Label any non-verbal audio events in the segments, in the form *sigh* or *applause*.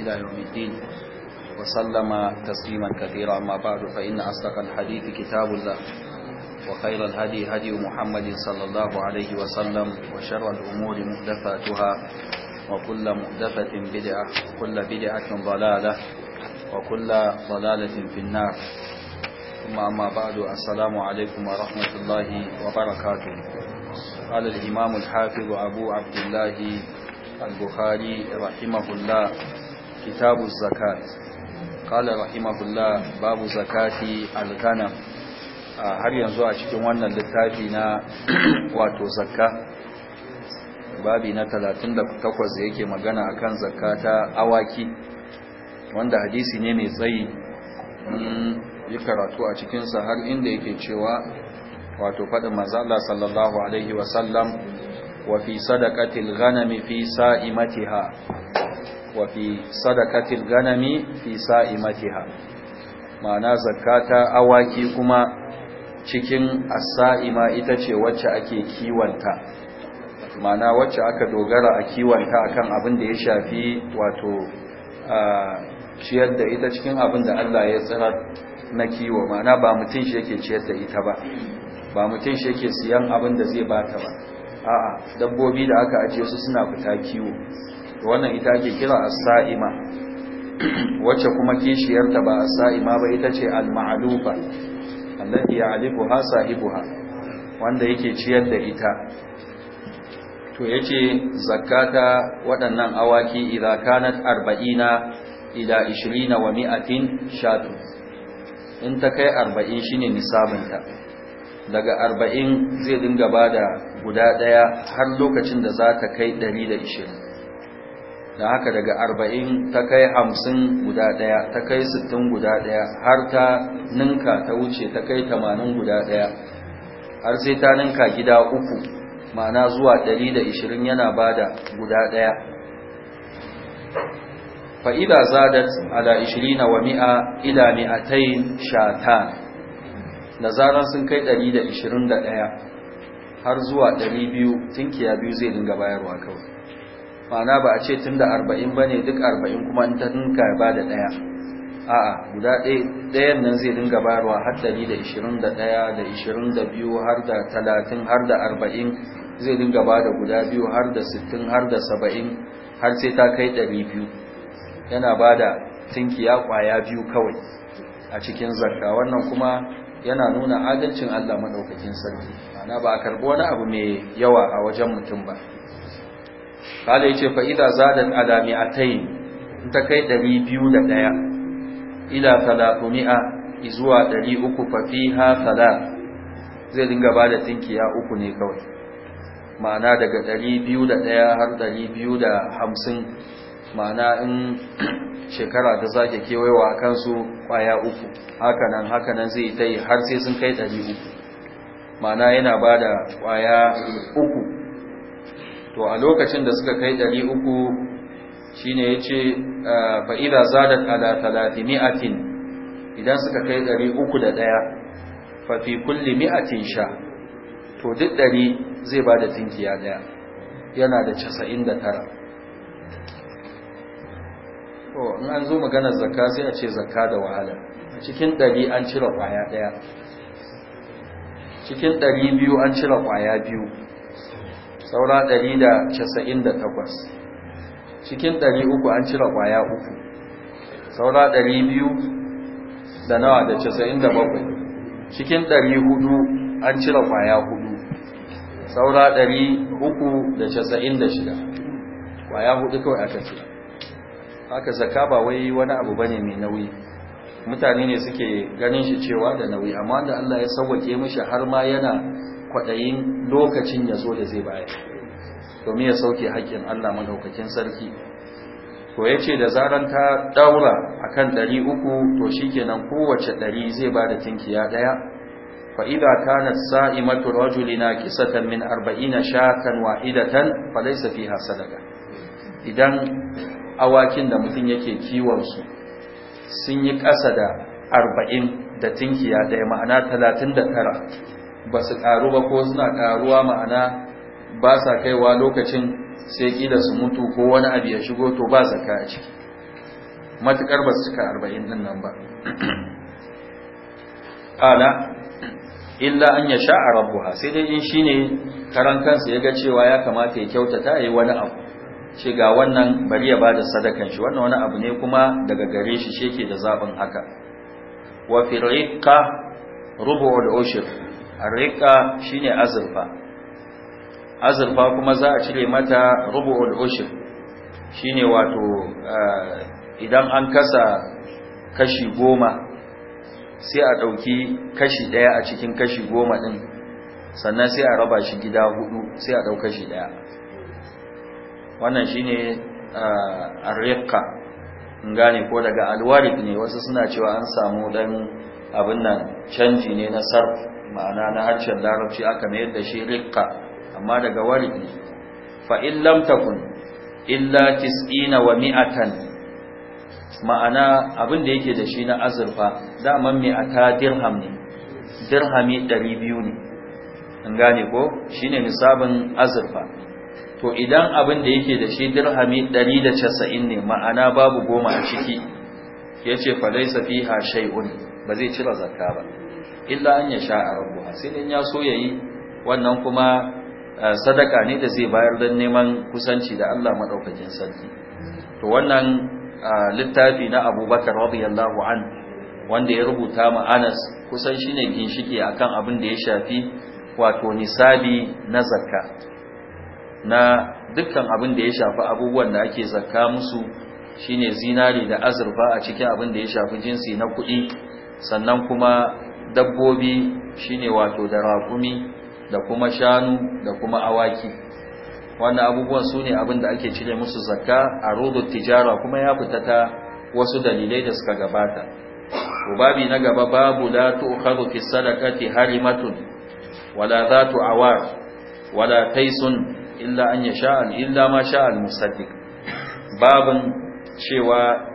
إلى يوم الدين وسلم تسليما كثيرا أما بعد فإن أصدق الحديث كتاب الله وخير الهدي هدي محمد صلى الله عليه وسلم وشر الأمور محدثاتها وكل محدثة بدعة وكل بدعة ضلالة وكل ضلالة في النار ثم أما بعد السلام عليكم ورحمة الله وبركاته قال الإمام الحافظ أبو عبد الله البخاري رحمه الله كتاب الزكاة قال رحمه الله باب زكاة الغنم har yanzu a cikin wannan littafi na wato zakka babi na 38 yake magana akan zakka ta awaki wanda hadisi ne mai tsayi mun yi karatu a cikinsa har inda yake cewa wato faɗin manzala sallallahu alaihi wasallam wa fi sadaqatil ghanami fi sa'imatiha wa fi sadaqatil ghanami fi sa'imatiha ma'ana zakata awaki kuma cikin asa'ima ita ce wacce ake kiwanta ma'ana wacce aka dogara a kiwanta akan abin da ya shafi wato ciyar da ita cikin abin da Allah ya tsara na kiwo ma'ana ba mutum shi yake ciyar da ita ba ba mutum shi yake siyan abin da zai bata ba a'a dabbobi da aka ajiye su suna fita kiwo wannan ita ake kira a saima *clears throat* wacce kuma kishiyarta ba a saima ba ita ce al alifu ha, sahibu ha. wanda yake ciyar da ita to ya ce zakata waɗannan awaki idza kanat arba'ina, ila wa mi'atin shatu in ta kai arba'in shi ne nisabinta daga arba'in zai dinga ba da guda ɗaya har lokacin da za ta kai ɗari da ishirin da haka daga arba'in ta kai hamsin guda ɗaya ta kai sittin guda ɗaya har ta ninka ta wuce ta kai tamanin guda ɗaya har sai ta ninka gida uku ma'ana zuwa ɗari da ishirin yana ba da guda ɗaya fa'ida zadat ala ishirina wa mi'a ila mi'atai shatan da zarar sun kai 121 har zuwa 200 tun kiya biyu zai dinga bayarwa kawai ma'ana ba a ce tun da 40 ba ne duk 40 kuma in ta dinka ba da daya a a guda ɗayan nan zai dinga bayarwa har 121 da 22 har da 30 har da 40 zai dinga ba da guda biyu har da 60 har da 70 har sai ta kai 200 yana ba da tun kiya kwaya biyu kawai a cikin zarka wannan kuma yana nuna adalcin Allah madaukakin sarki ana ba a karbi wani abu mai yawa a wajen mutum ba kala yace fa idza zadat a mi'atayn in ta kai 201 ila 300 zuwa 300 fa fiha tala. zai dinga ba da tinkiya uku ne kawai ma'ana daga 201 har 250 ma'ana in shekara ta sake kewayewa a kansu kwaya uku hakanan hakanan zai ta yi har sai sun kai ɗari uku mana yana ba da kwaya uku to a lokacin da suka kai ɗari uku shi ne ya ce ah, fa'ida za ala talatin mi'atin idan suka kai ɗari uku da ɗaya fafi kulli mi'atin sha to duk ɗari zai ba da tinkiya ɗaya yana da casa'in da tara to in an zo maganar zakka sai a ce zakka da wahala cikin ɗari an cire ƙwaya ɗaya cikin ɗari biyu an cire ƙwaya biyu saura ɗari da casa'in da takwas cikin ɗari uku an cire ƙwaya uku saura ɗari biyu da nawa da casa'in da bakwai cikin ɗari hudu an cire ƙwaya hudu saura ɗari uku da casa'in da shida ƙwaya hudu kawai aka cire haka zaka ba wai wani abu bane mai nauyi mutane ne suke ganin shi cewa da nauyi amma da Allah ya sauwake mishi har ma yana kwadayin lokacin ya zo da zai bayar domin ya sauke haƙin Allah madaukakin sarki to yace da zaran ta daura akan 300 to shikenan kowace 100 zai bada tinkiya daya fa idza kanat sa'imatu rajulina kisatan min 40 shatan wahidatan falaysa fiha sadaqa idan awakin da mutum yake kiwon su sun yi ƙasa da arba'in da tinkiya ya ma'ana talatin da tara ba su ƙaru ba ko suna ƙaruwa ma'ana ba sa kaiwa lokacin sai ƙila su mutu ko wani abu ya shigo to ba zaka a ciki matuƙar ba su cika arba'in ɗin nan ba ƙala illa an ya sha a rabuwa sai dai in shi ne karan kansa ya ga cewa ya kamata ya kyautata ya yi wani abu ce ga wannan bari ya bada sadakan shi wannan wani abu ne kuma daga gare shi shi yake da zabin haka wa fi riƙa rubu'ul ushir riƙa shine azurfa azurfa kuma za a cire mata rubu'ul shi shine wato eh, idan an kasa kashi goma sai a ɗauki kashi ɗaya a cikin kashi goma ɗin sannan sai a raba shi gida hudu sai a ɗau kashi ɗaya wannan shine arriqa gane ko daga alwarid ne wasu suna cewa an samu dan abin nan canji ne na sarf ma'ana na harshen larabci aka mayar da shi riqa amma daga warif ne fa in lam takun illa tis'ina wa mi'atan ma'ana abin da yake da shi na azurfa daman mi'ata dirham ne dirhami 200 ne in gane ko shine nisabin azurfa to idan abin da yake da shi dirhami 190 ne ma'ana babu goma a ciki yace fa laysa fiha shay'un ba zai cira zakka ba illa an ya sha a sai dan ya so yayi wannan kuma eh, sadaka ne da zai bayar dan neman kusanci da Allah madaukakin sarki to wannan eh, littafi na Abubakar radiyallahu an wanda ya rubuta ma Anas kusan shine ginshike akan abin da ya shafi wato nisabi na zakka na dukkan abin da ya shafi abubuwan da ake zakka musu shine zinari da azurfa a cikin abin da ya shafi jinsi na kuɗi sannan kuma dabbobi shine wato da raƙumi da kuma shanu da kuma awaki wannan abubuwan su ne abin da ake cire musu zakka a rodon tijara kuma ya fita ta wasu dalilai da suka gabata babi na gaba babu la tu'khadhu fi sadaqati halimatun wala zatu awar wala taisun illa an yasha illa ma sha al musaddiq babun cewa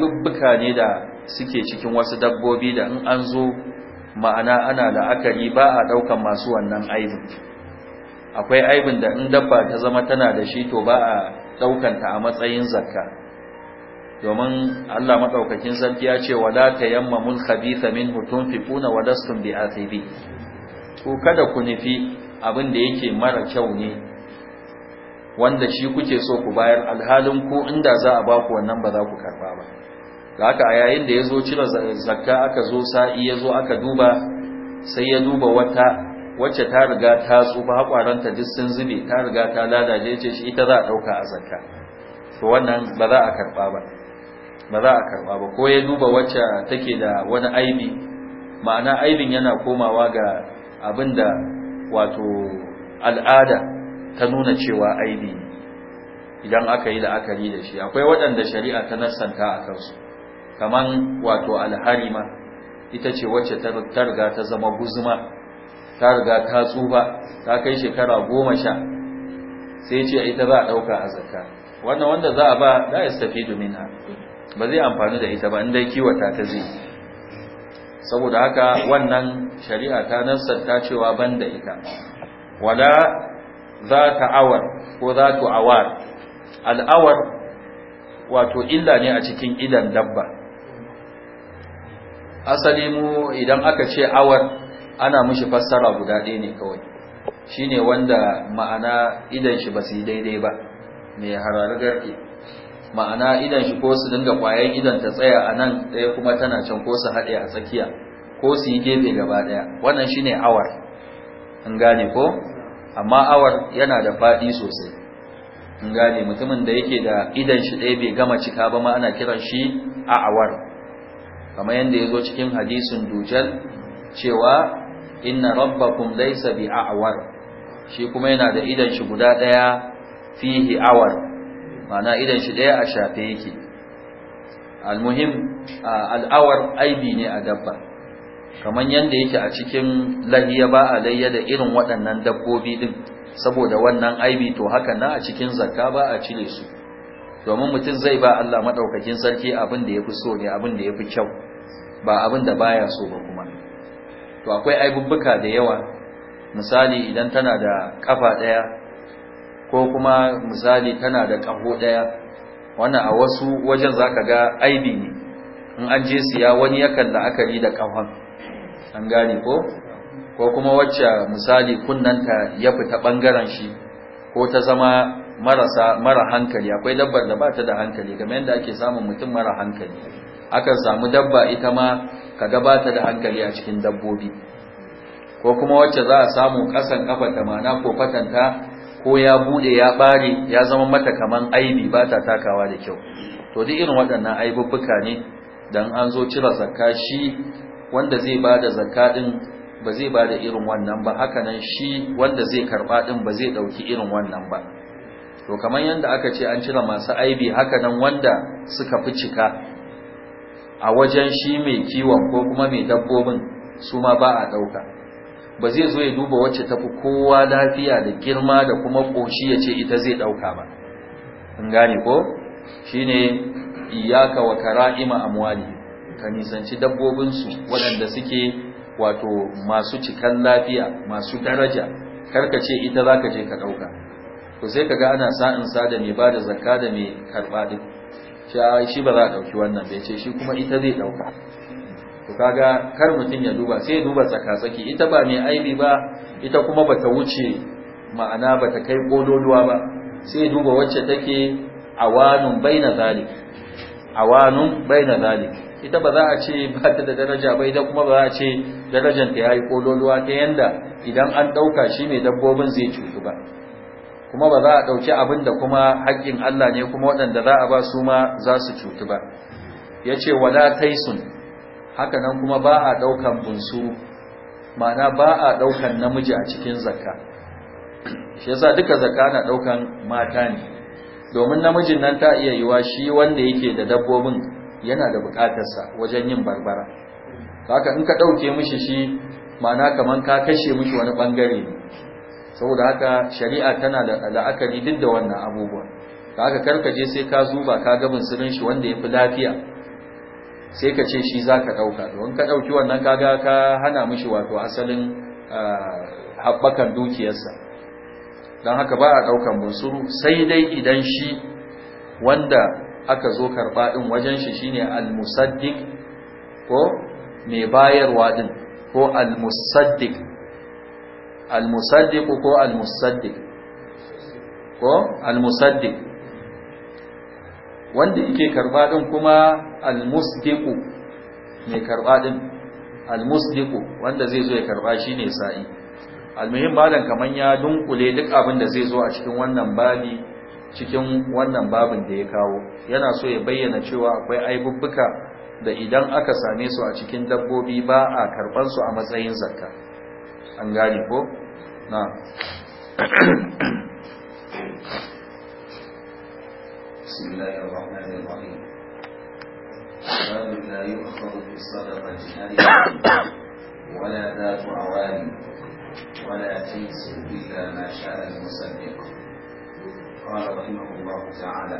bubbuka ne da suke cikin wasu dabbobi da in an zo ma'ana ana la'akari ba a daukan masu wannan aibin akwai aibin da in dabba ta zama tana da shi to ba a ta a matsayin zakka domin Allah madaukakin sarki ya ce wala tayammamul khabitha minhu tunfiquna wa lastum bi'athibi ku kada ku nufi abin da yake mara kyau ne wanda shi kuke so ku bayar alhalin ku inda za a ba ku wannan ba za ku karba ba ga haka a yayin da ya zo cire zakka aka zo sa'i ya zo aka duba sai ya duba wata wacce ta riga ta tsufa hakwaranta duk sun zube ta riga ta lalace ce shi ita za a ɗauka a zakka to wannan ba za a karba ba ba za a karba ba ko ya duba wacce take da wani aibi ma'ana aibin yana komawa ga abin da wato al'ada ta nuna cewa aibi idan aka yi la'akari da shi akwai waɗanda shari'a ta nassanta a kansu Kamar wato alharima ita ce wacce ta riga ta zama guzuma ta riga ta tsuba, ta kai shekara goma sha sai ce ita za a ɗauka a zakka wannan wanda za a ba za a tafi domin ba zai amfani da ita ba in dai kiwata ta zai saboda haka wannan shari'a ta nassanta cewa ban da ita wala za ta awar ko za tu awar al'awar wato illa ne a cikin idan dabba asali mu idan aka ce awar ana mushi fassara guda ɗaya ne kawai shine wanda ma'ana idan shi ba su yi daidai ba mai hararar ma'ana idan shi ko su dinga kwayan idan ta tsaya a nan ɗaya kuma tana can ko su haɗe a tsakiya ko su yi gefe gaba ɗaya wannan shine awar in gane ko amma awar yana da faɗi sosai in gane mutumin da yake da idan shi ɗaya bai gama cika ba ma ana kiran shi a awar kamar yadda ya zo cikin hadisin dujal cewa inna rabbakum laysa bi a'war shi kuma yana da idan shi guda ɗaya fihi awar ma'ana idan shi ɗaya a shafe yake almuhim al'awar aibi ne a dabba kamar yadda yake a cikin lahiya ba a layya da irin waɗannan dabbobi ɗin saboda wannan aibi to haka na a cikin zakka ba a cire su domin mutum zai ba Allah maɗaukakin sarki abin da ya fi so ne abin da ya fi kyau ba abin da baya so ba kuma to akwai aibubbuka da yawa misali idan tana da kafa ɗaya ko kuma misali tana da ƙaho ɗaya wannan a wasu wajen za ka ga aibi ne in an je siya wani yakan la'akari da ƙahon an gane ko ko kuma wacce misali kunnanta ya fita bangaren shi ko ta zama marasa mara hankali akwai dabbar da bata ta da hankali kamar yadda ake samun mutum mara hankali akan samu dabba ita ma ka gabata da hankali a cikin dabbobi ko kuma wacce za a samu kasan kafa da mana ko fatanta ko ya bude ya bare ya zama mata kaman aibi ba ta takawa da kyau to duk irin waɗannan aibubbuka ne dan an zo cire zakka shi wanda zai bada zakka din ba zai bada irin wannan ba haka nan shi wanda zai karba din ba zai dauki irin wannan ba to kamar yanda aka ce an cire masu aibi haka nan wanda suka fi cika a wajen shi mai kiwon ko kuma mai dabbobin su ma ba a dauka ba zai zo ya duba wacce tafi kowa lafiya da girma da kuma koshi ya ce ita zai dauka ba in gane ko shine iyaka wa kara'ima amwali ka nisanci dabbobinsu waɗanda suke wato masu cikan lafiya masu daraja karka ce ita za ka je ka ɗauka to sai ka ga ana sa'insa da mai ba da zakka da mai karɓa ɗin shi ba za a ɗauki wannan bai ce shi kuma ita zai ɗauka to kaga kar mutum ya duba sai duba tsaka-tsaki ita ba mai aibi ba ita kuma ba ta wuce ma'ana ba ta kai ƙololuwa ba sai duba wacce take awanun bai na zalik awanun bai na zalik ita ba za a ce ba ta da daraja ba da kuma ba za a ce darajar ta yayi kololuwa ta yanda idan an dauka shi ne dabbobin zai cutu ba kuma ba za a dauki abin da kuma haƙƙin Allah ne kuma waɗanda za a ba su ma za su cutu ba yace wala taisun haka nan kuma ba a daukan bunsu ma'ana ba a daukan namiji a cikin zakka shi yasa duka zakka na ɗaukan mata ne domin namijin nan ta iya yiwa shi wanda yake da dabbobin yana da bukatarsa wajen yin barbara haka in ka ɗauke mishi shi ma'ana kamar ka kashe mishi wani ɓangare ne saboda haka shari'a tana da la'akari duk da wannan abubuwan haka je sai ka zuba ka gabin sirrin shi wanda ya fi lafiya sai ka ce shi za ka ɗauka don ka ɗauki wannan kaga ka hana mishi wato asalin haɓakan dukiyarsa don haka ba a ɗaukan bunsuru sai dai idan shi wanda aka zo karɓa ɗin wajen shi shine al-musaddiq ko mai bayarwa ɗin ko al-musaddiq al-musaddiq ko al-musaddiq ko al-musaddiq wanda yake karɓa ɗin kuma al-musdiq mai karɓa ɗin al-musdiq wanda zai zo ya karɓa shine sa'i Al al-muhim malam kaman ya dunkule duk abin da zai zo a cikin wannan babi cikin wannan babin da ya kawo yana so ya bayyana cewa akwai aibubbuka da idan aka same su a cikin dabbobi ba a karban su a matsayin zakka an gane ko na ولا ذات عوالم ولا تيسر إلا ما شاء المصدق قال رحمه الله تعالى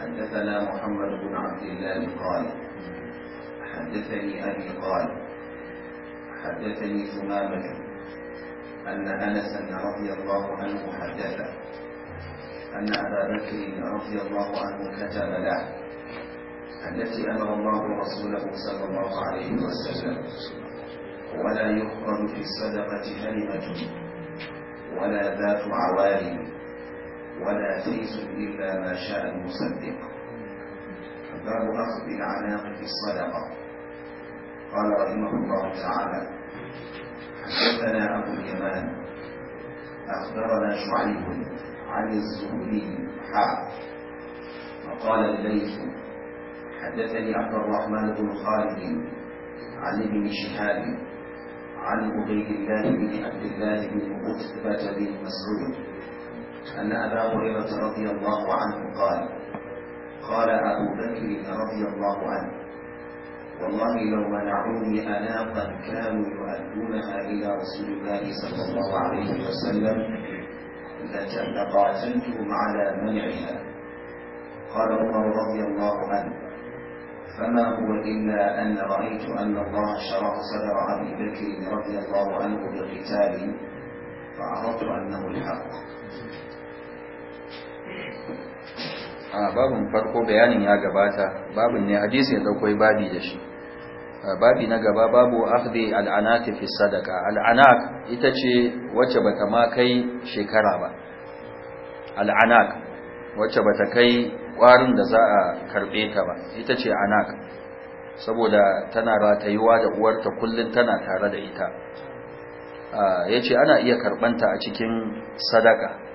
حدثنا محمد بن عبد الله قال حدثني أبي قال حدثني ثمامة أن أنس رضي الله عنه حدث أن أبا بكر رضي الله عنه كتب له التي أمر الله رسوله صلى الله عليه وسلم ولا يخرج في الصدقة كلمة ولا ذات عوالم ولا تيس إلا ما شاء المصدق باب أخذ العناق في الصدقة قال رحمه الله تعالى حدثنا أبو اليمان أخبرنا شعيب عن الزهري حاء فقال الليث حدثني عبد الرحمن بن خالد عن ابن شهاب عن عبيد الله بن عبد الله بن قتبة بن مسعود أن أبا هريرة رضي الله عنه قال قال أبو بكر رضي الله عنه والله لو منعوني أناقا كانوا يؤدونها إلى رسول الله صلى الله عليه وسلم لقاتلتهم على منعها قال عمر رضي الله عنه فما هو إلا أن رأيت أن الله شرح صدر أبي بكر رضي الله عنه بقتال فعرفت أنه الحق a babin farko bayanin ya gabata babin ne hadisi da kai babi da shi babi na gaba babu akhdi al'anati fi sadaka al'anak ita ce wacce bata ma kai shekara ba al'anak wacce bata kai kwarin da za a karbe ta ba ita ce anak saboda tana ratayuwa da uwarta kullum tana tare da ita yace ana iya karbanta a cikin sadaka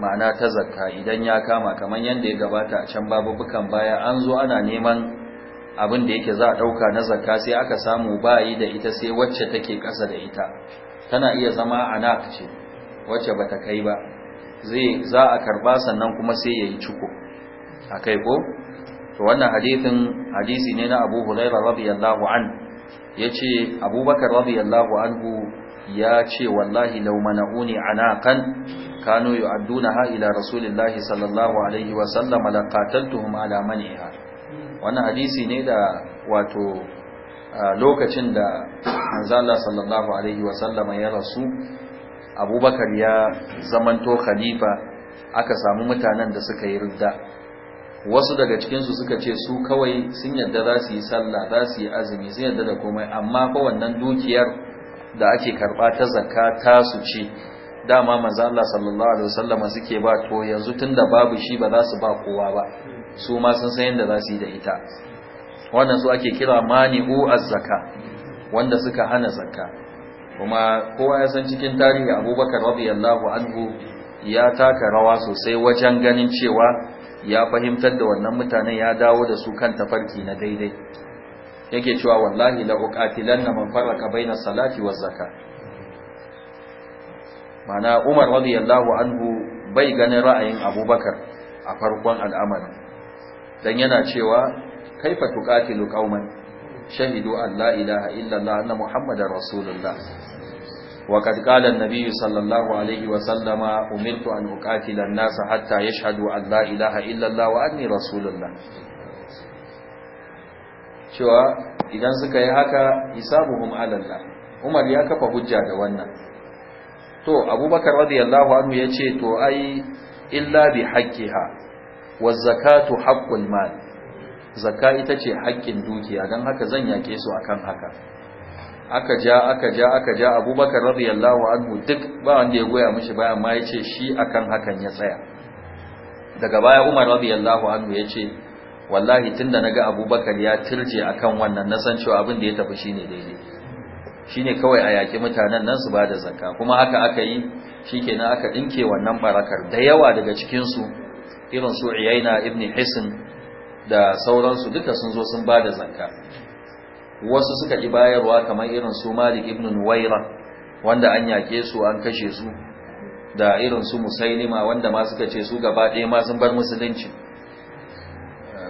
ma'ana ta zakka idan ya kama kamar yadda ya gabata a can babubukan baya an zo ana neman abin da yake za a ɗauka na zakka sai aka samu bayi da ita sai wacce take ƙasa da ita tana iya zama ana ce wacce ba ta kai ba zai za a karba sannan kuma sai ya yi ciko a kai ko to wannan hadithin hadisi ne na abu hulaira radiyallahu an ya ce abubakar radiyallahu anhu ya ce wallahi lau mana'uni anaqan kanu yu'addunaha ila rasulillahi sallallahu alaihi wa sallam la qataltuhum ala maniha hadisi ne da wato lokacin da manzala sallallahu alaihi wa sallam ya rasu abubakar ya zamanto khalifa aka samu mutanen da suka yi ridda wasu daga cikinsu suka ce su kawai sun yadda za su yi sallah za su yi azumi sun yadda da komai amma fa wannan dukiyar da ake karba ta zakka su ce dama manzo Allah sallallahu alaihi wasallam suke ba to yanzu tunda babu shi ba za su ba kowa ba su ma sun san yadda za su yi da ita wannan su ake kira mani'u az-zaka wanda suka hana zakka kuma kowa ya san cikin tarihi Abubakar radiyallahu anhu ya taka rawa sosai wajen ganin cewa ya fahimtar da wannan mutanen ya dawo da su kan tafarki na daidai yake cewa wallahi la uqatilanna man farraqa bayna salati waz zakah mana umar radiyallahu anhu bai ganin ra'ayin abubakar a farkon al'amarin dan yana cewa kaifa tuqatilu qauman shahidu an la ilaha illallah anna muhammadar rasulullah wa qad qala an-nabiy sallallahu alayhi wa sallama umirtu an uqatila an-nas hatta yashhadu an la ilaha illallah wa anni rasulullah cewa idan suka yi haka hisabuhum ala Allah Umar ya kafa hujja da wannan to abubakar radiyallahu anhu ya ce to ai illa bi haqqiha wa zakatu haqqul mal Zaka ita ce haƙƙin dukiya don haka zan yake su akan haka aka ja aka ja aka ja abubakar radiyallahu anhu duk ba wanda ya goya mashi bayan ma ya ce shi akan hakan ya tsaya daga baya umar radiyallahu anhu ya ce wallahi tunda naga abubakar ya tirje akan wannan na san cewa abin da ya tafi shi ne daidai shine kawai a yaƙi mutanen nan su bada da zakka kuma haka aka yi shikenan aka dinke wannan barakar da yawa daga cikin su irin su Uyaina ibn Hisn da sauransu duka sun zo sun bada da zakka wasu suka ki bayarwa kamar irin su Malik ibn Nuwaira wanda an yaƙe su an kashe su da irin su Musailima wanda ma suka ce su gaba ɗaya ma sun bar musulunci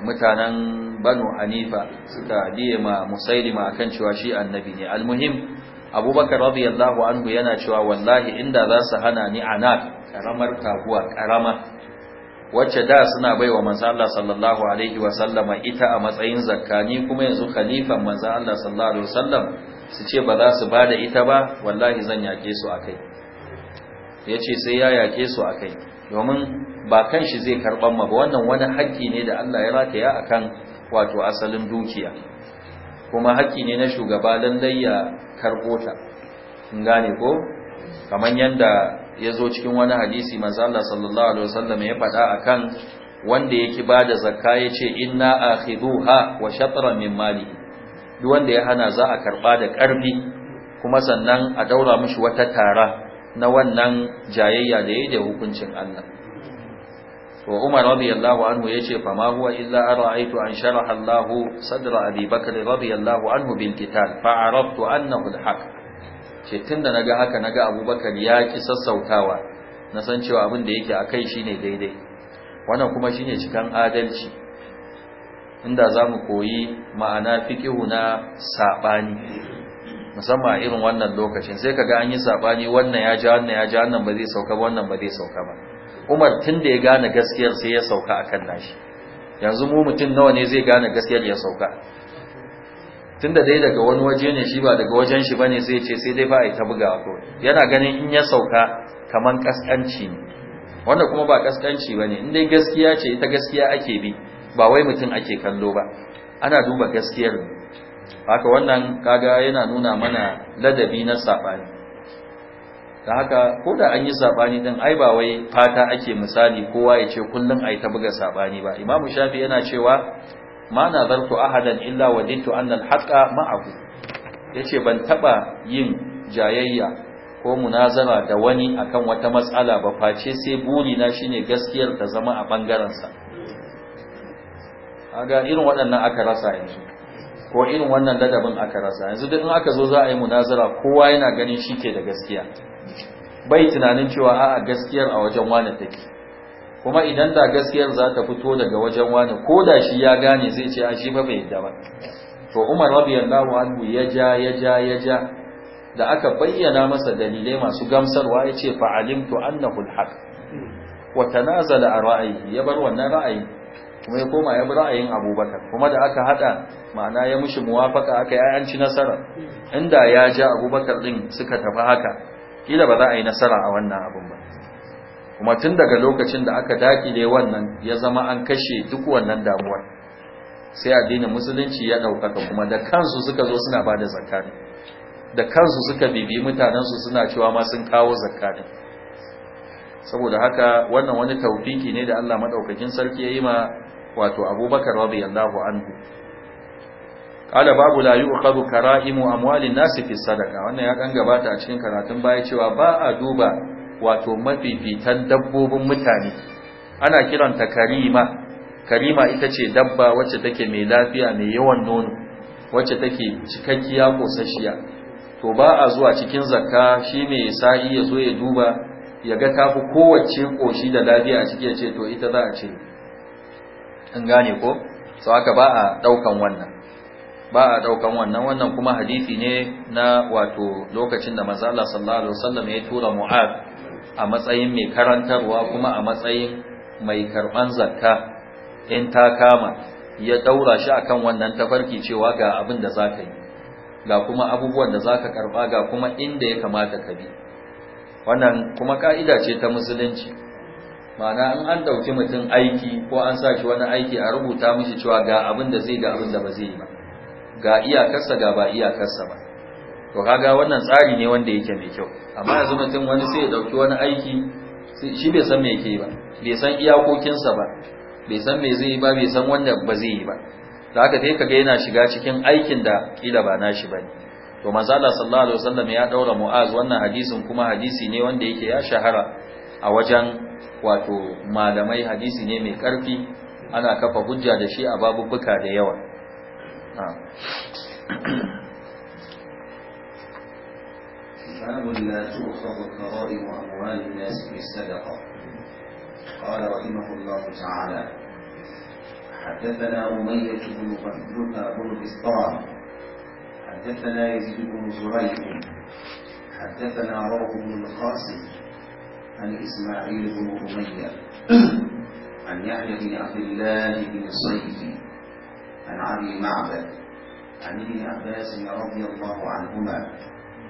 mutanen banu hanifa suka biye ma musailima akan cewa shi annabi ne almuhim abubakar radiyallahu anhu yana cewa wallahi inda za su hana ni anaf karamar taguwa karama wacce da suna baiwa manzo Allah sallallahu alaihi wa sallama ita a matsayin zakani kuma yanzu khalifan manzo Allah sallallahu alaihi wa sallam su ce ba za su bada ita ba wallahi zan yake su akai yace sai ya yake su akai domin ba kan shi zai karban ma ba wannan wani haƙƙi ne da Allah ya rataya akan wato asalin dukiya kuma haƙƙi ne na shugaba lallai ya karɓo ta kun gane ko kamar yadda ya zo cikin wani hadisi Allah sallallahu alaihi wasallam ya faɗa akan wanda yake ba da zakka ya ce inna akhiduha wa shatra min mali duk wanda ya hana za a karɓa da ƙarfi kuma sannan a daura mishi wata tara na wannan jayayya da yayi da hukuncin Allah wa Umar radiyallahu anhu yace fa ma huwa illa ara'aytu an sharaha Allah sadra Abi Bakr radiyallahu anhu bil qital fa araftu annahu al haqq ce tunda naga haka naga Abu Bakar ya ki sassautawa na san cewa abin da yake akai shine daidai wannan kuma shine cikan adalci inda zamu koyi ma'ana fiƙihu na sabani musamman irin wannan lokacin sai kaga an yi sabani wannan ya ji, wannan ya ji, wannan ba zai sauka ba wannan ba zai sauka ba umar tun da ya gane gaskiyar sai ya sauka akan nashi yanzu mu mutum nawa ne zai gane gaskiyar ya sauka tun da dai daga wani waje ne shi ba daga wajen shi bane sai ce sai dai ba a yi ta buga ko yana ganin in ya sauka kaman kaskanci ne wanda kuma ba kaskanci bane in dai gaskiya ce ita gaskiya ake bi ba wai mutum ake kallo ba ana duba gaskiyar haka wannan kaga yana nuna mana ladabi na sabani da haka ko da an yi sabani din ai ba wai fata ake misali kowa ya ce kullum ai ta buga saɓani ba imamu shafi yana cewa ma zarto ahadan illa wadintu anna al ma'ahu yace ban taɓa yin jayayya ko munazara da wani akan wata matsala ba face sai buri na shine gaskiyar ta zama a bangaren sa irin waɗannan aka rasa yanzu ko irin wannan ladabin aka rasa yanzu duk in aka zo za a yi munazara kowa yana ganin shi ke da gaskiya bai tunanin cewa a'a gaskiyar a wajen wani take kuma idan da gaskiyar za ta fito daga wajen wani ko da shi ya gane zai ce a shi ba bai yadda ba to umar radiyallahu anhu ya ja ya ja ya ja da aka bayyana masa dalilai masu gamsarwa ya ce fa'alimtu annahu alhaq wa tanazala a ra'ayi ya bar wannan ra'ayi kuma ya koma ya bi ra'ayin abubakar kuma da aka hada ma'ana ya mushi muwafaka aka yi an ci nasara inda ya ja abubakar din suka tafi haka kila ba za a yi nasara a wannan abin ba kuma tun daga lokacin da aka dakile wannan ya zama an kashe duk wannan damuwar sai addinin musulunci ya ɗaukaka kuma da kansu suka zo suna ba da zakka da kansu suka bibi mutanensu suna cewa ma sun kawo zakka saboda haka wannan wani taufiki ne da Allah madaukakin sarki ya yi ma wato Abubakar radiyallahu anhu Hala babu la yu'khadhu kara'imu amwalin nasi fi sadaqa wannan ya kan gabata a cikin karatun baya cewa ba a duba wato mafifitan dabbobin mutane ana kiranta karima karima ita ce dabba wacce take mai lafiya mai yawan nono wacce take cikakkiya sashiya to ba a zuwa cikin zakka shi mai sa'i ya zo ya duba ya ga tafi kowace koshi da lafiya a ciki ya ce to ita za a ce in gane ko sau haka ba a daukan wannan ba a daukan wannan wannan kuma hadisi ne na wato lokacin da manzo Allah sallallahu alaihi wasallam ya tura Mu'ad a matsayin mai karantarwa kuma a matsayin mai karban zakka in ta kama ya daura shi akan wannan tafarki cewa ga abin da zaka yi ga kuma abubuwan da zaka karba ga kuma inda ya kamata ka bi wannan kuma ka'ida ce ta musulunci mana in an dauki mutum aiki ko an sa shi wani aiki a rubuta mishi cewa ga abin da zai ga abin da ba zai yi ba ga iyakarsa ga ba iyakarsa ba to kaga wannan tsari ne wanda yake mai kyau amma yanzu mutum wani sai ya dauki wani aiki shi bai san me yake ba bai san iyakokinsa ba bai san me zai yi ba bai san wanda ba zai yi ba da haka dai kaga yana shiga cikin aikin da kila ba nashi bane to manzo Allah sallallahu alaihi wasallam ya daura Mu'az wannan hadisin kuma hadisi ne wanda yake ya shahara a wajen wato malamai hadisi ne mai karfi ana kafa hujja da shi a babu buka da yawa باب لا تؤخذ كرائم أموال الناس في قال رحمه الله تعالى حدثنا أمية بن بن بسطان حدثنا يزيد بن زريق حدثنا روح بن القاسم عن إسماعيل بن أمية عن يحيى بن عبد الله بن صيد عن علي معبد عن ابن عباس رضي الله عنهما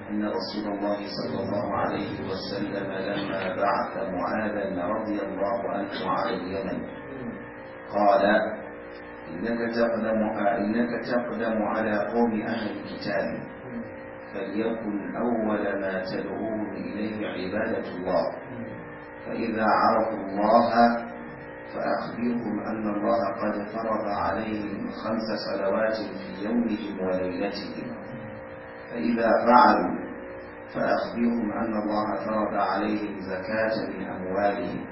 أن رسول الله صلى الله عليه وسلم لما بعث معاذا رضي الله عنه على اليمن قال إنك تقدم إنك تقدم على قوم أهل الكتاب فليكن أول ما تدعوهم إليه عبادة الله فإذا عرفوا الله فأخبرهم أن الله قد فرض عليهم خمس صلوات في يومهم وليلتهم فإذا فعلوا فأخبرهم أن الله فرض عليهم زكاة من أموالهم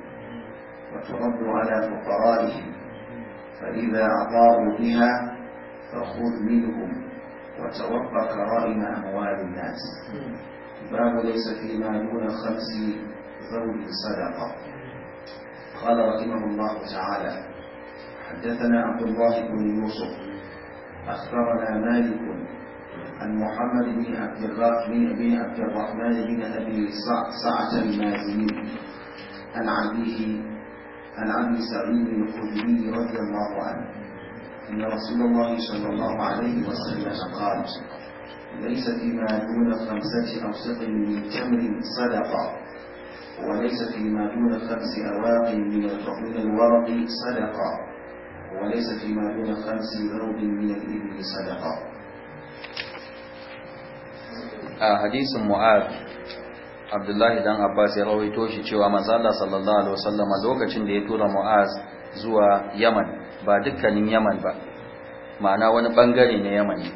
وترد على فقرائهم فإذا أطاعوا بها فخذ منهم وتوقع كرائم أموال الناس باب ليس فيما دون خمس ذوي صدقة قال رحمه الله تعالى حدثنا عبد الله بن يوسف أخبرنا مالك عن محمد بن عبد الرحمن بن عبد الرحمن بن أبي سعة المازني عن عبده عن عبد سعيد الخدري رضي الله عنه أن رسول الله صلى الله عليه وسلم قال ليس فيما دون خمسة أوسط من تمر صدقة وليس فيما دون خمس أواق من الرحل الورق صدقة وليس فيما دون خمس ذوب من الإبل صدقة a hadisin mu'ad abdullahi dan abbas ya rawaito shi cewa manzo Allah sallallahu alaihi wasallam lokacin da ya tura mu'az zuwa yaman ba dukkanin yaman ba ma'ana wani bangare ne yaman ne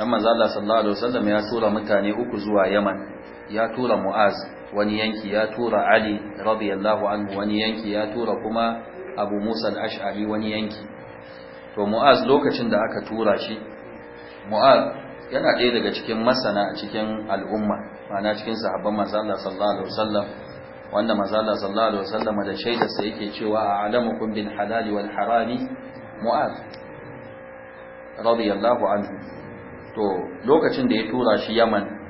dan manzo Allah sallallahu alaihi wasallam ya tura mutane uku zuwa yaman ya tura mu'az wani yanki ya tura ali radiyallahu anhu wani yanki ya tura kuma abu musa al-ash'ari wani yanki to mu'az lokacin da aka tura shi mu'az yana ɗaya daga cikin masana a cikin al'umma ma'ana cikin sahabban manzo Allah sallallahu alaihi wasallam wanda manzo Allah sallallahu alaihi wasallam da shaidar sa yake cewa a'lamukum bil halali wal harami mu'az radiyallahu anhu to lokacin da ya tura shi yaman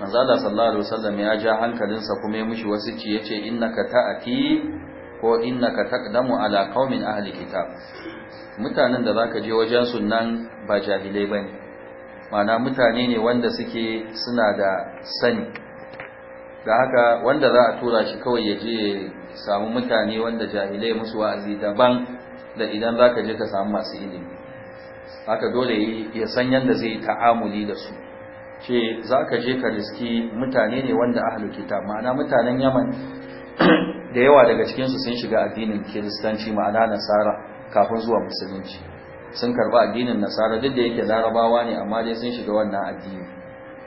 manzo Allah sallallahu alaihi wasallam ya ja hankalinsa kuma ya mishi ci yace innaka ta'ati ko innaka taqdamu ala qaumin ahli kitab mutanen da zaka je wajen su ba jahilai bane mana mutane ne wanda suke suna da sani da haka wanda za a tura shi kawai ya je samu mutane wanda jahilai musu wa'azi daban da idan zaka je ka samu masu ilimi haka dole ya san yanda zai ta'amuli da su ce za ka je ka riski mutane ne wanda ahalu kitab ma'ana mutanen yaman *clears throat* da yawa daga cikinsu sun shiga addinin kiristanci ma'ana nasara kafin zuwa musulunci sun karba addinin nasara duk da yake larabawa ne amma dai sun shiga wannan addini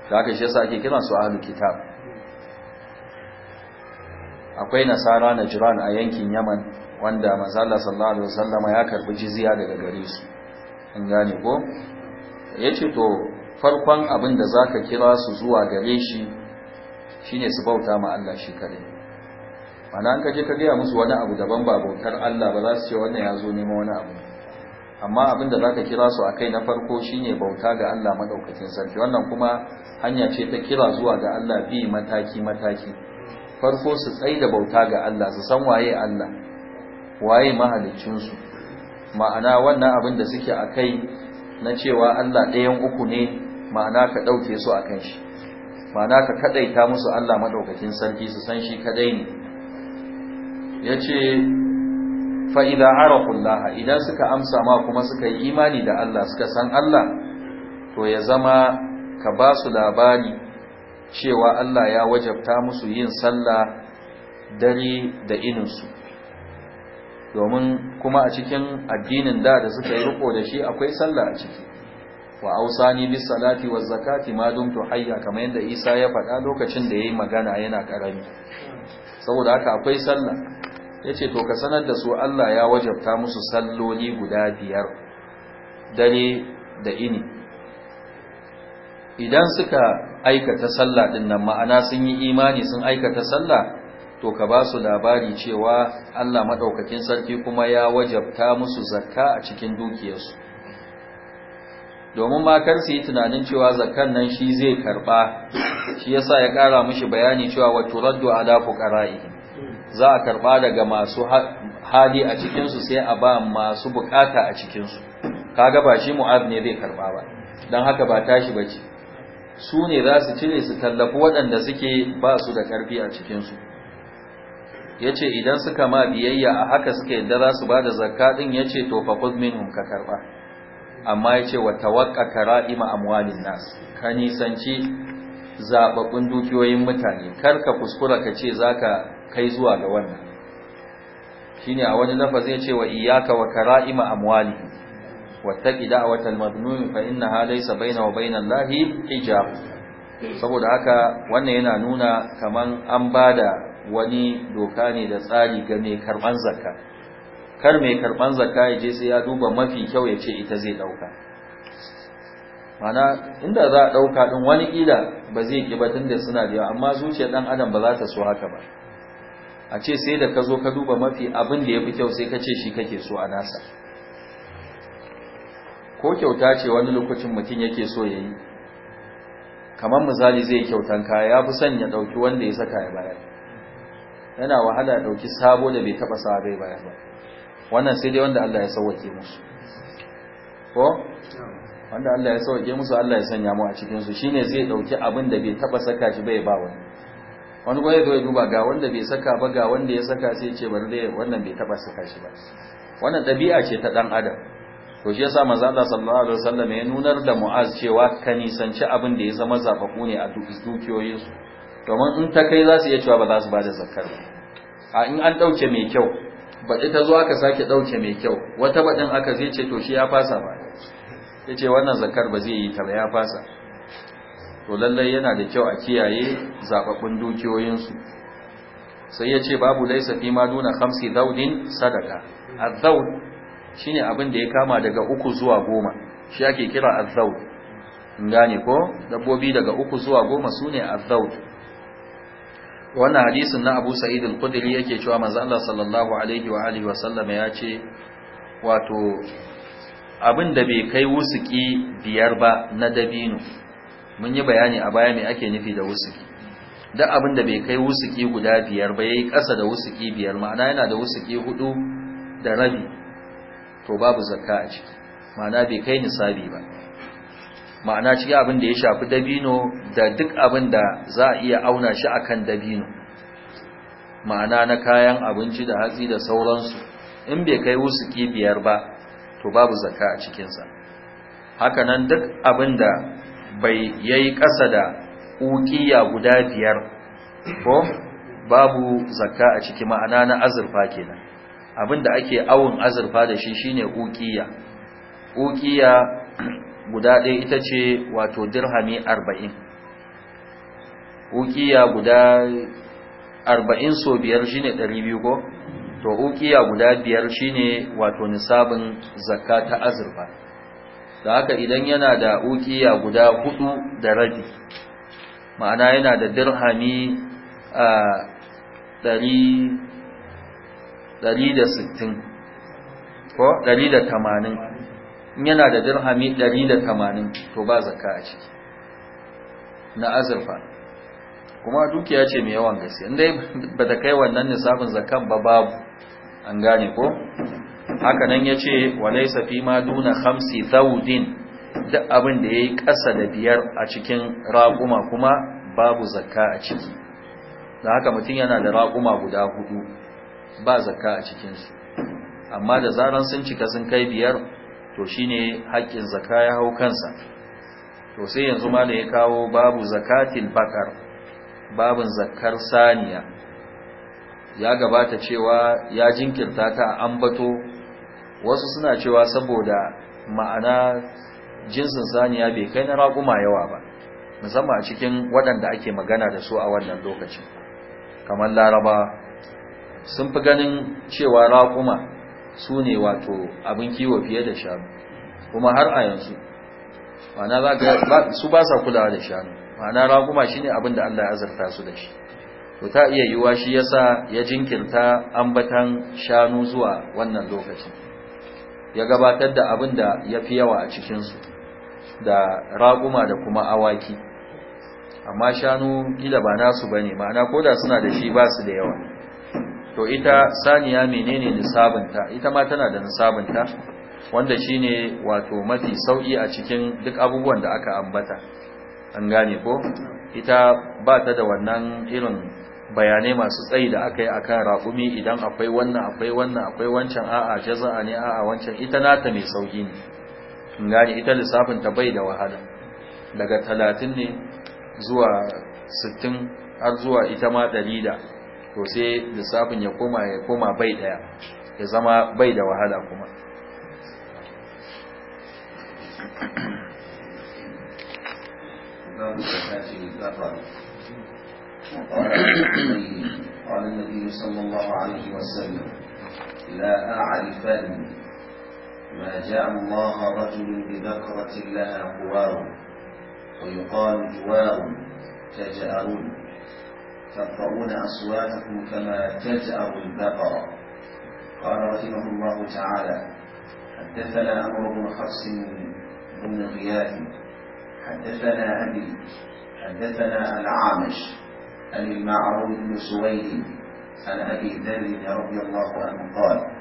da aka shi yasa ake kiran su ahalu kitab akwai nasara na jiran a yankin yaman wanda mazala sallallahu alaihi wasallama ya karbi jizya daga gare su an gane ko ce to farkon abin da za ka kira su zuwa gare shi shi ne su bauta ma Allah shi kare mana an kaje ka gaya musu wani abu daban ba bautar Allah ba za su ce wannan ya zo nema wani abu amma abin da za ka kira su a kai na farko shi ne bauta ga Allah maɗaukacin sarki wannan kuma hanya ce ta kira zuwa ga Allah bi mataki-mataki farko su tsai da bauta ga Allah su san waye Allah waye mahaliccinsu. ma'ana wannan abin da suke a kai na cewa Allah ɗayan uku ne ma'ana ka ɗauke su a kan shi ma'ana ka kaɗaita musu Allah maɗaukakin sarki su san shi kaɗai ne yace ya ce fa'ida Allah idan suka amsa ma kuma suka yi imani da Allah suka san Allah to ya zama ka ba su labari cewa Allah ya wajabta musu yin sallah dare da ininsu domin kuma a cikin addinin da da suka yi riko da shi akwai sallah a ciki wa ausani bis salati waz zakati ma dumtu hayya kamar yadda Isa ya faɗa lokacin da yayi magana yana karami saboda haka akwai sallah yace to ka sanar da su Allah ya wajabta musu salloli guda biyar dare da ini idan suka aikata sallah din nan ma'ana sun yi imani sun aikata sallah to ka ba su labari cewa Allah madaukakin sarki kuma ya wajabta musu zakka a cikin dukiyarsu domin ma kar su yi tunanin cewa zakan nan shi zai karba shi yasa ya kara mishi bayani cewa wa turaddu ala fuqara'i za a karba daga masu hali a cikin su sai a ba masu bukata a cikin su kaga ba shi mu'az ne zai karba ba dan haka ba tashi bace su ne za su cire su tallafi waɗanda suke ba su da karfi a cikin su yace idan suka ma biyayya a haka suka yadda za su ba da zakka din yace to fa khudh minhum ka karba amma ya yace wa ka ra'ima amwalin nas ka nisanci zaɓaɓɓun dukiyoyin mutane kar ka kuskura ka ce za ka kai zuwa ga wannan shine a wani zai ce wa iyaka wa ka kara'ima amwali a watan madnun fa halai sa baina wa bainan lahi, hijab saboda haka wannan yana nuna kaman an ba da wani doka ne da tsari ga mai zakka kar mai karban zakka ya je sai ya duba mafi kyau ya ce ita zai dauka mana inda za a dauka din wani kila ba zai ki ba tunda suna da yawa amma zuciyar dan adam ba za ta so haka ba a ce sai da ka zo ka duba mafi abin da yafi kyau sai ka ce shi kake so a nasa ko kyauta ce wani lokacin mutum yake so ya yi kamar misali zai kyautan kaya ya fi son ya ɗauki wanda ya saka ya bayar yana wahala dauki ɗauki sabo da bai taba sa bai bayar ba wannan sai dai wanda Allah ya sauke musu ko wanda Allah ya sauke musu Allah ya sanya mu a cikin su shine zai dauki abin da bai taba saka shi bai ba wani wani zo ya duba ga wanda bai saka ba ga wanda ya saka sai ce bari dai wannan bai taba saka shi ba wannan dabi'a ce ta dan adam to shi yasa manzo Allah sallallahu alaihi wasallam ya nunar da Mu'az cewa ka nisanci abin da ya zama zafafu ne a dukiyoyinsu? domin in ta kai za su iya cewa ba za su ba da zakar a in an dauke mai kyau baɗi ta zo aka sake ɗauke mai kyau wata baɗin aka zai ce to shi ya fasa ba ya ce wannan zakar ba zai yi ta ba ya fasa to lallai yana da kyau a kiyaye zaɓaɓɓun dukiyoyinsu sai ya ce babu laisa fi ma nuna hamsi daudin sadaka shi ne abin da ya kama daga uku zuwa goma shi ake kira azau gane ko dabbobi daga uku zuwa goma sune Azaut. wannan hadisin na Abu Sa'id al yake cewa manzo Allah sallallahu alaihi wa alihi wa ya ce wato abin da bai kai wusuki biyar ba na dabino mun yi bayani a baya mai ake nufi da wusuki duk abin da bai kai wusuki guda biyar ba yayi ƙasa da wusuki biyar ma'ana yana da wusuki hudu da rabi to babu zakka a ciki ma'ana bai kai nisabi ba ma'ana cikin abin da ya shafi dabino da duk abin da za a iya auna shi a kan dabino ma'ana na kayan abinci da hatsi da sauransu in bai kai wusuki biyar ba to babu zaka a cikinsa haka nan duk abin da bai yayi ƙasa da ukiya guda biyar ko babu zaka a ciki ma'ana na azurfa kenan abin da ake awon azurfa da shi shine ukiya ukiya guda ɗaya ita ce wato dirhami arba'in ukiya guda arba'in so biyar shi ne ɗari biyu ko to ukiya guda biyar shi ne wato nisabin zakka ta azurfa da haka idan yana da ukiya guda hudu da rabi ma'ana yana da dirhami a ɗari da sittin ko ɗari da tamanin yana da dirhami 180 to ba zakka a ciki na azurfa kuma dukiya ce mai yawan gaske inda ba ta kai wannan nisabin zakkan ba babu an gane ko haka nan ya ce walai safi ma duna hamsi thawdin duk abin da ya yi ƙasa da biyar a cikin raƙuma kuma babu zakka a ciki da haka mutum yana da raƙuma guda hudu ba zakka a cikinsu amma da zaran sun cika sun kai biyar to shine haƙƙin zaka ya hau kansa to sai yanzu ma da ya kawo babu Zakatin bakar babin zakar saniya ya gabata cewa ya jinkirta ta ambato wasu suna cewa saboda ma'ana jinsin saniya bai kai na raƙuma yawa ba musamman a cikin waɗanda ake magana da su a wannan lokacin kamar laraba sun fi ganin cewa raƙuma su ne wato abin kiwo fiye da shanu kuma har a yanzu su ba sa kulawa da shanu ma'ana raguma ne abin da Allah ya azurta su da shi to ta iya yiwuwa shi ya sa ya jinkirta ambatan shanu zuwa wannan lokacin ya gabatar da abin da ya fi yawa a cikinsu, da raguma da kuma awaki amma shanu gila ba nasu ba ne, ma'ana ko da suna da shi ba su da yawa to ita saniya menene nisabinta ita ma tana da nisabinta wanda shine wato mafi sauki a cikin duk abubuwan da aka ambata an gane ko ita ba ta da wannan irin bayanai masu tsayi da aka yi a kan raƙumi idan akwai wannan akwai wannan akwai wancan a'a jaza'a ne a'a wancan ita nata mai sauki ne gani ita lissafinta bai da wahala daga talatin ne zuwa sittin har zuwa ita ma to sai lissafin ya koma ya koma bai daya ya zama bai da wahala kuma قال النبي صلى الله عليه وسلم لا أعرفن ما جاء الله رجل بذكرة لها قوار ويقال جوار تجارون ترفعون أصواتكم كما تجأر البقرة قال رحمه الله تعالى حدثنا أمر بن حفص بن غياث حدثنا أبي حدثنا العامش عن المعروف بن سويد عن أبي ذر رضي الله عنه قال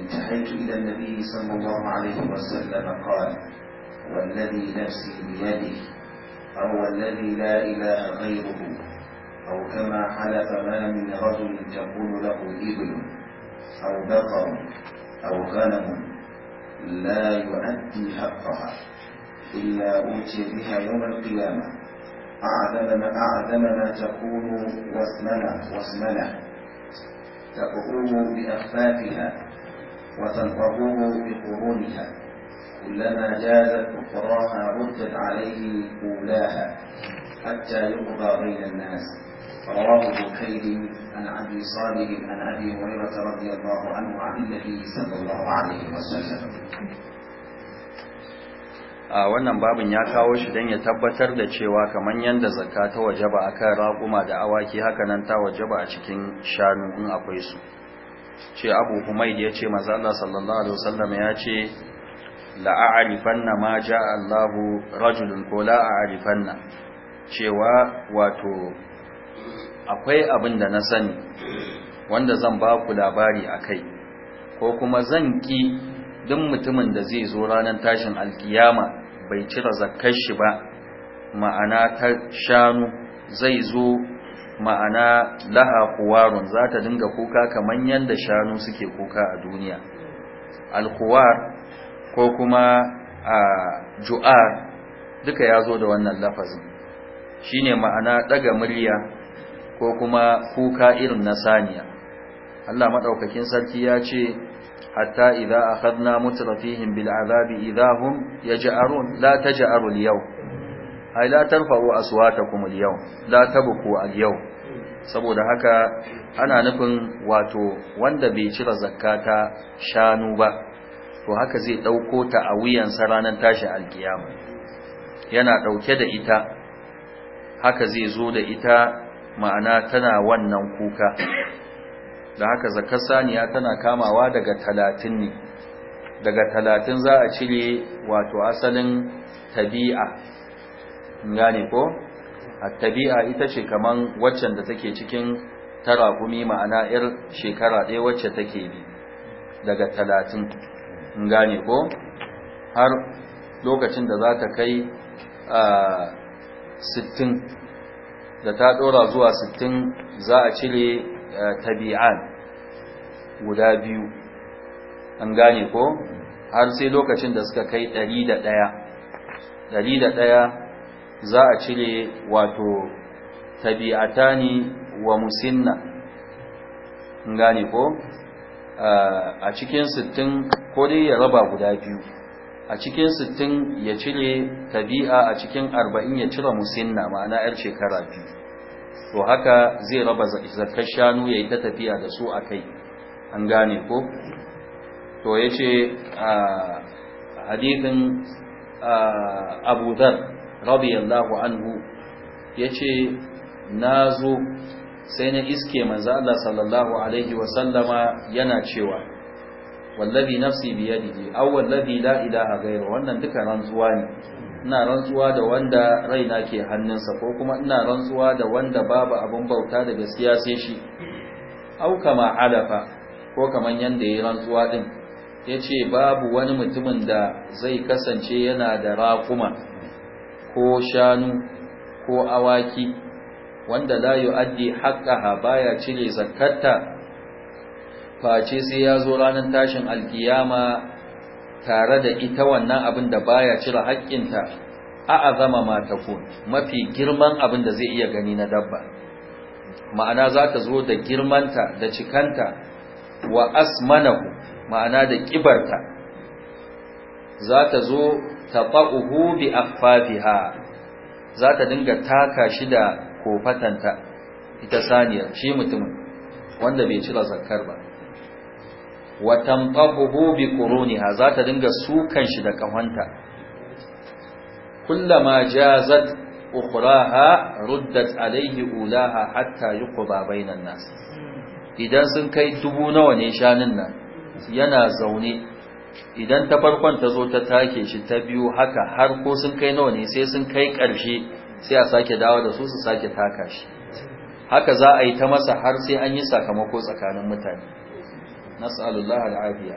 انتهيت إلى النبي صلى الله عليه وسلم قال والذي نفسي بيده أو الذي لا إله غيره أو كما حلف ما من رجل تقول له إبل أو بقر أو غنم لا يؤدي حقها إلا أوتي بها يوم القيامة أعدم ما, ما تكون وثمنة وثمنة تقوم بأخفافها وتنقبه بقرونها كلما جازت أخراها ردت عليه أولاها حتى يقضى بين الناس رواه بخير عن ابي صالح عن ابي هريره رضي الله عنه عن النبي صلى الله عليه وسلم a wannan babin ya kawo shi don ya tabbatar da cewa kamar yadda zakka ta wajaba a kan raƙuma da awaki hakanan ta wajaba a cikin shanu in akwai su ce abu humaid ya ce mazala sallallahu alaihi wasallam ya ce la'arifanna ma ja Allahu rajulun ko la'arifanna cewa wato akwai abin da na sani wanda zan ba ku labari a kai ko kuma zan ki duk mutumin da zai zo ranar tashin alkiyama bai cire zakkar shi ba ma'ana ta shanu zai zo ma'ana laha kuwarun za ta dinga kuka kamar yadda shanu suke kuka a duniya alkuwar ko kuma a ju'ar duka ya zo da wannan lafazin shine ma'ana daga murya ko kuma kuka irin na saniya Allah madaukakin sarki ya ce hatta idza akhadna mutrafihim bil azabi idahum yaj'arun la taj'aru al yawm ay la tarfa'u aswatakum al yawm la tabku al yawm saboda haka ana nufin wato wanda bai cire zakata shanu ba to haka zai dauko ta a wuyansa ranar tashi alkiyama yana dauke da ita haka zai zo da ita ma'ana tana wannan kuka da haka zakar saniya tana kamawa daga talatin ne daga talatin za a cire wato asalin tabi'a gane ko a tabi'a ita ce kaman waccan da take cikin tara gumi ma'ana yar shekara ɗaya wacce take bi daga talatin gane ko har lokacin da za ta kai ah, sittin da ta dora zuwa 60 za a cire eh, tabi'an guda biyu an gane ko har sai lokacin da suka kai 101 101 za a cire wato tabi'atani wa musinna an gane ko eh, a cikin 60 ko dai ya raba guda biyu a cikin sittin ya cire tabi'a a cikin arba'in ya cire musinna ma'ana yar shekara biyu to haka zai raba zakar shanu ya yi ta tafiya da su akai, kai an gane ko to ya ce a hadithin abu Rabi radiyallahu anhu ya ce na zo sai na iske manzo Allah sallallahu alaihi wasallama yana cewa wallabi nafsi biyadihi aw wallabi la ilaha ghayru wannan duka rantsuwa ne ina rantsuwa da wanda raina ke hannunsa ko kuma ina rantsuwa da wanda babu abin bauta da gaskiya sai shi aw kama alafa ko kaman yanda yayi rantsuwa din yace babu wani mutumin da zai kasance yana da raƙuma ko shanu ko awaki wanda la yu'addi haqqaha baya cire zakkata face sai ya zo ranar tashin alkiyama tare da ita wannan abin da baya cire haƙƙinta a azama ma takun mafi girman abin da zai iya gani na dabba ma'ana za ta zo da girmanta da cikanta wa asmanahu ma'ana da ƙibarta. za ta zo ta taqa'uhu bi affafiha za ta dinga taka shi da kofatanta ita saniyar shi mutumin wanda bai cire zakar ba wa tanqabuhu bi quruniha za ta dinga sukan shi da ƙahonta kullama jazat ukhraha ruddat alayhi ulaha hatta yuqba bainan nas idan sun kai dubu nawa ne shanin nan yana zaune idan ta farkon ta zo ta take shi ta biyu haka har ko sun kai nawa ne sai sun kai ƙarshe sai a sake dawo da su su sake taka shi haka za a yi ta masa har sai an yi sakamako tsakanin mutane nas'alullah al'afiya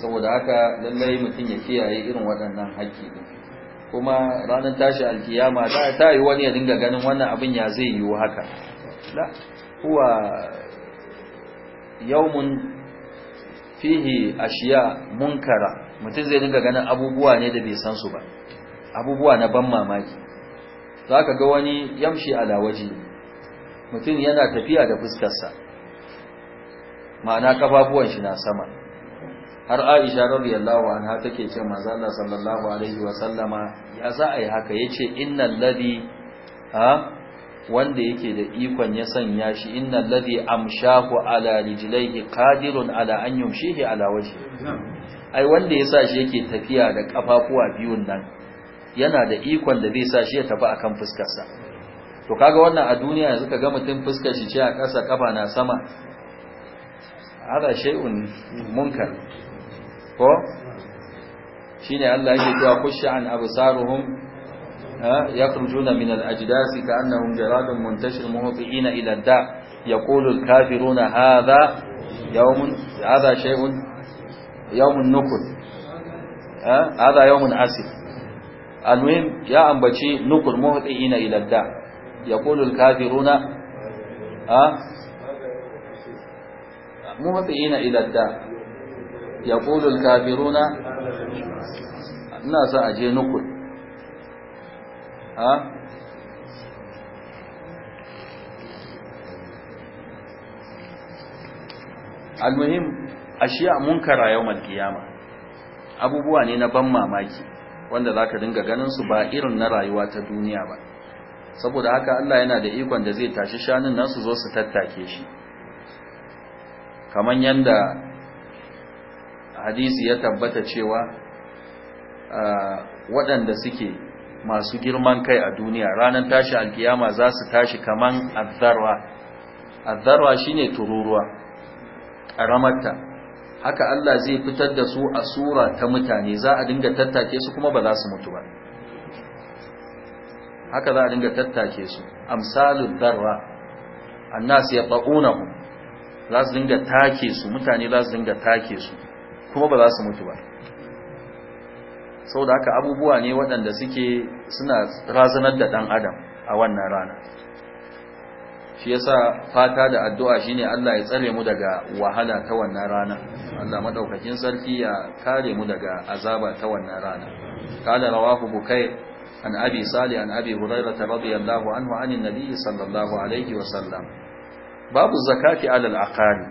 saboda haka lallai mutum ya kiyaye irin waɗannan haƙƙi kuma ranar tashi alkiyama za ta yi wani ya dinga ganin wannan abin ya zai yiwu haka la huwa yawmun fihi ashiya munkara mutum zai dinga ganin abubuwa ne da bai san su ba abubuwa na ban mamaki za ka ga wani yamshi ala waje mutum yana tafiya da fuskarsa ma'ana kafafuwan shi na sama har Aisha radiyallahu anha take ce manzo Allah sallallahu alaihi wa sallama ya za a yi haka yace innal ladhi ha wanda yake da ikon ya sanya shi innal ladhi amshahu ala rijlaihi qadirun ala an yumshihi ala wajhi ai wanda yasa shi yake tafiya da kafafuwa biyun nan yana da ikon da zai sa shi ya tafi akan fuskarsa to kaga wannan a duniya yanzu kaga mutum fuskar shi ce a ƙasa kafa na sama hada shay'un munkar ko shine Allah yake cewa kushi an absaruhum yakhrujuna min al-ajdas ka'annahum jaradun muntashir muhtiina ila ad-da yaqulu al-kafiruna hadha yawmun hadha shay'un yawmun nukur hadha yawmun asif al-muhim ya ambaci nukur muhtiina ila ad-da yaqulu al-kafiruna muhtiina ila da yaqulu al-kafiruna ina sa aje nukul ha al-muhim ashiya munkara yawmal qiyama abubuwa ne na ban mamaki wanda zaka dinga ganin su ba irin na rayuwa ta duniya ba saboda haka Allah yana da ikon da zai tashi shanun nan su zo su tattake shi kaman yadda hadisi ya tabbata cewa waɗanda suke masu girman kai a duniya ranar tashi alkiyama za su tashi kaman azzarwa azzarwa shine tururuwa ƙaramarta haka Allah zai fitar da su a sura ta mutane za a dinga tattake su kuma ba za su mutu ba haka za a dinga tattake su amsalud darra annas yata'unahu za su dinga take su mutane za su dinga take su kuma ba za su mutu ba saboda haka abubuwa ne waɗanda suke suna razanar da ɗan adam a wannan rana shi yasa fata da addu'a shine Allah ya tsare mu daga wahala ta wannan rana Allah maɗaukakin sarki ya kare mu daga azaba ta wannan rana qala rawahu bukai an abi sali an abi hurairah radiyallahu anhu anin Nabi, sallallahu alaihi wa babu zakati alal aqari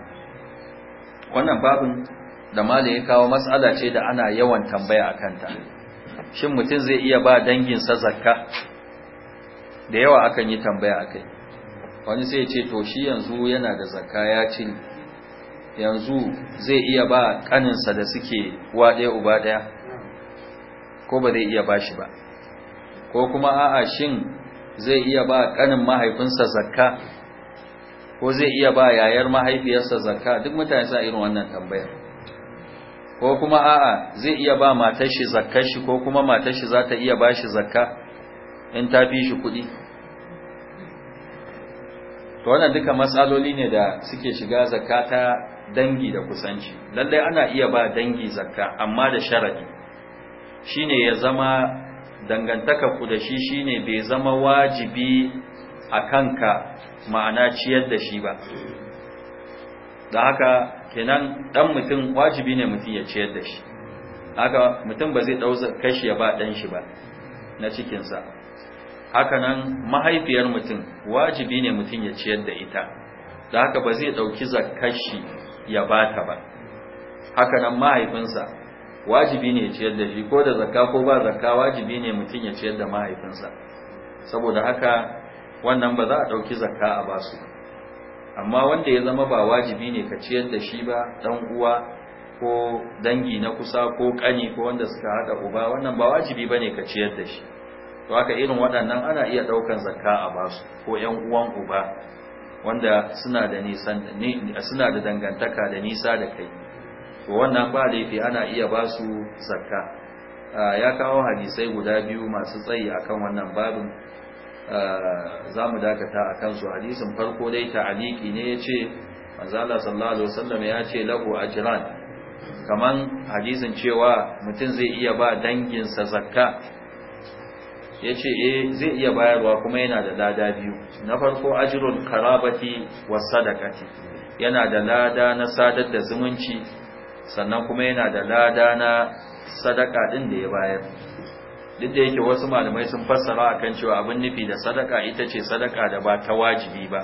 wannan babin da malam ya kawo mas'ala ce da ana yawan tambaya akan ta shin mutum zai iya ba dangin sa zakka da yawa akan yi tambaya akai wani sai ya ce to shi yanzu yana da zakka ya ci yanzu zai iya ba kaninsa da suke uwa ɗaya uba daya ko ba zai iya ba shi ba ko kuma a'a shin zai iya ba kanin mahaifinsa zakka ko zai iya ba yayar mahaifiyarsa zakka duk mutane sa irin wannan tambayar ko kuma a'a zai iya ba matar shi zakkar shi ko kuma matar shi za ta iya ba shi zakka in ta fi shi kuɗi to wannan duka matsaloli ne da suke shiga zakka ta dangi da kusanci lallai ana iya ba dangi zakka amma da sharadi shine ya zama dangantaka ku da shi shine bai zama wajibi a kanka ma'ana ciyar da shi ba da haka kenan dan mutum wajibi ne mutum ya ciyar da shi haka mutum ba zai dauza kashi ya ba dan shi ba na cikinsa haka nan mahaifiyar mutum wajibi ne mutum ya ciyar da ita da haka ba zai dauki zakashi ya ba ta ba haka nan mahaifinsa wajibi ne ya ciyar da shi ko da zakka ko ba zakka wajibi ne mutum ya ciyar da mahaifinsa saboda haka wannan ba za a ɗauki zakka a basu amma wanda ya zama ba wajibi ne ka ciyar da shi ba ɗan uwa ko dangi na kusa ko ƙani ko wanda suka haɗa uba wannan ba wajibi ba ne ka ciyar da shi to haka irin waɗannan ana iya ɗaukan zakka a basu ko ƴan uwan uba wanda suna da nisan suna da dangantaka da nisa da kai to wannan ba laifi ana iya basu zakka ah, ya kawo hadisai guda biyu masu tsayi akan wannan babin Eh, za mu dakata a kansu hadisin farko dai ta'aliki ne ya ce manzala sallallahu alaihi wasallam ya ce lahu ajran kaman hadisin cewa mutum zai iya ba danginsa zakka ya ce eh zai iya bayarwa kuma yana da lada biyu na farko ajrun karabati wa sadaqati yana da lada na sadar da zumunci sannan kuma yana da lada na sadaka din da ya bayar duk da yake wasu malamai sun fassara akan cewa abin nufi da sadaka ita ce sadaka da ba ta wajibi ba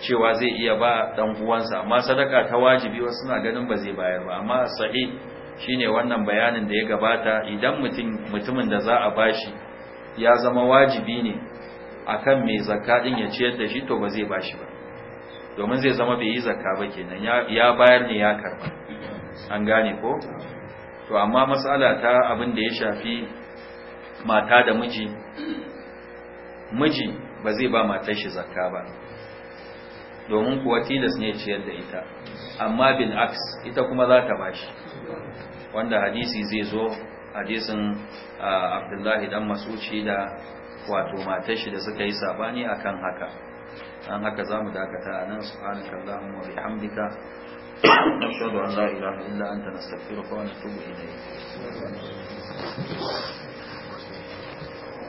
cewa zai iya ba dan uwansa amma sadaka ta wajibi wasu suna ganin ba zai bayar ba amma sahih shine wannan bayanin da ya gabata idan mutum mutumin da za a bashi ya zama wajibi ne akan mai zakka din ya ciyar da shi to ba zai bashi ba domin zai zama bai yi zakka ba kenan ya bayar ne ya karba an gane ko to amma mas'ala ta abin da ya shafi mata da miji miji ba zai ba matar shi zakka ba domin kuwa tilas ne ciyar da ita amma bin aks ita kuma za ta ba shi. wanda hadisi zai zo hadisin abdullahi dan masuci da wato matar shi da suka yi sabani akan haka an haka za mu dakata a nan subhanaka allahumma wa bihamdika nashhadu an la ilaha illa anta nastaghfiruka wa natubu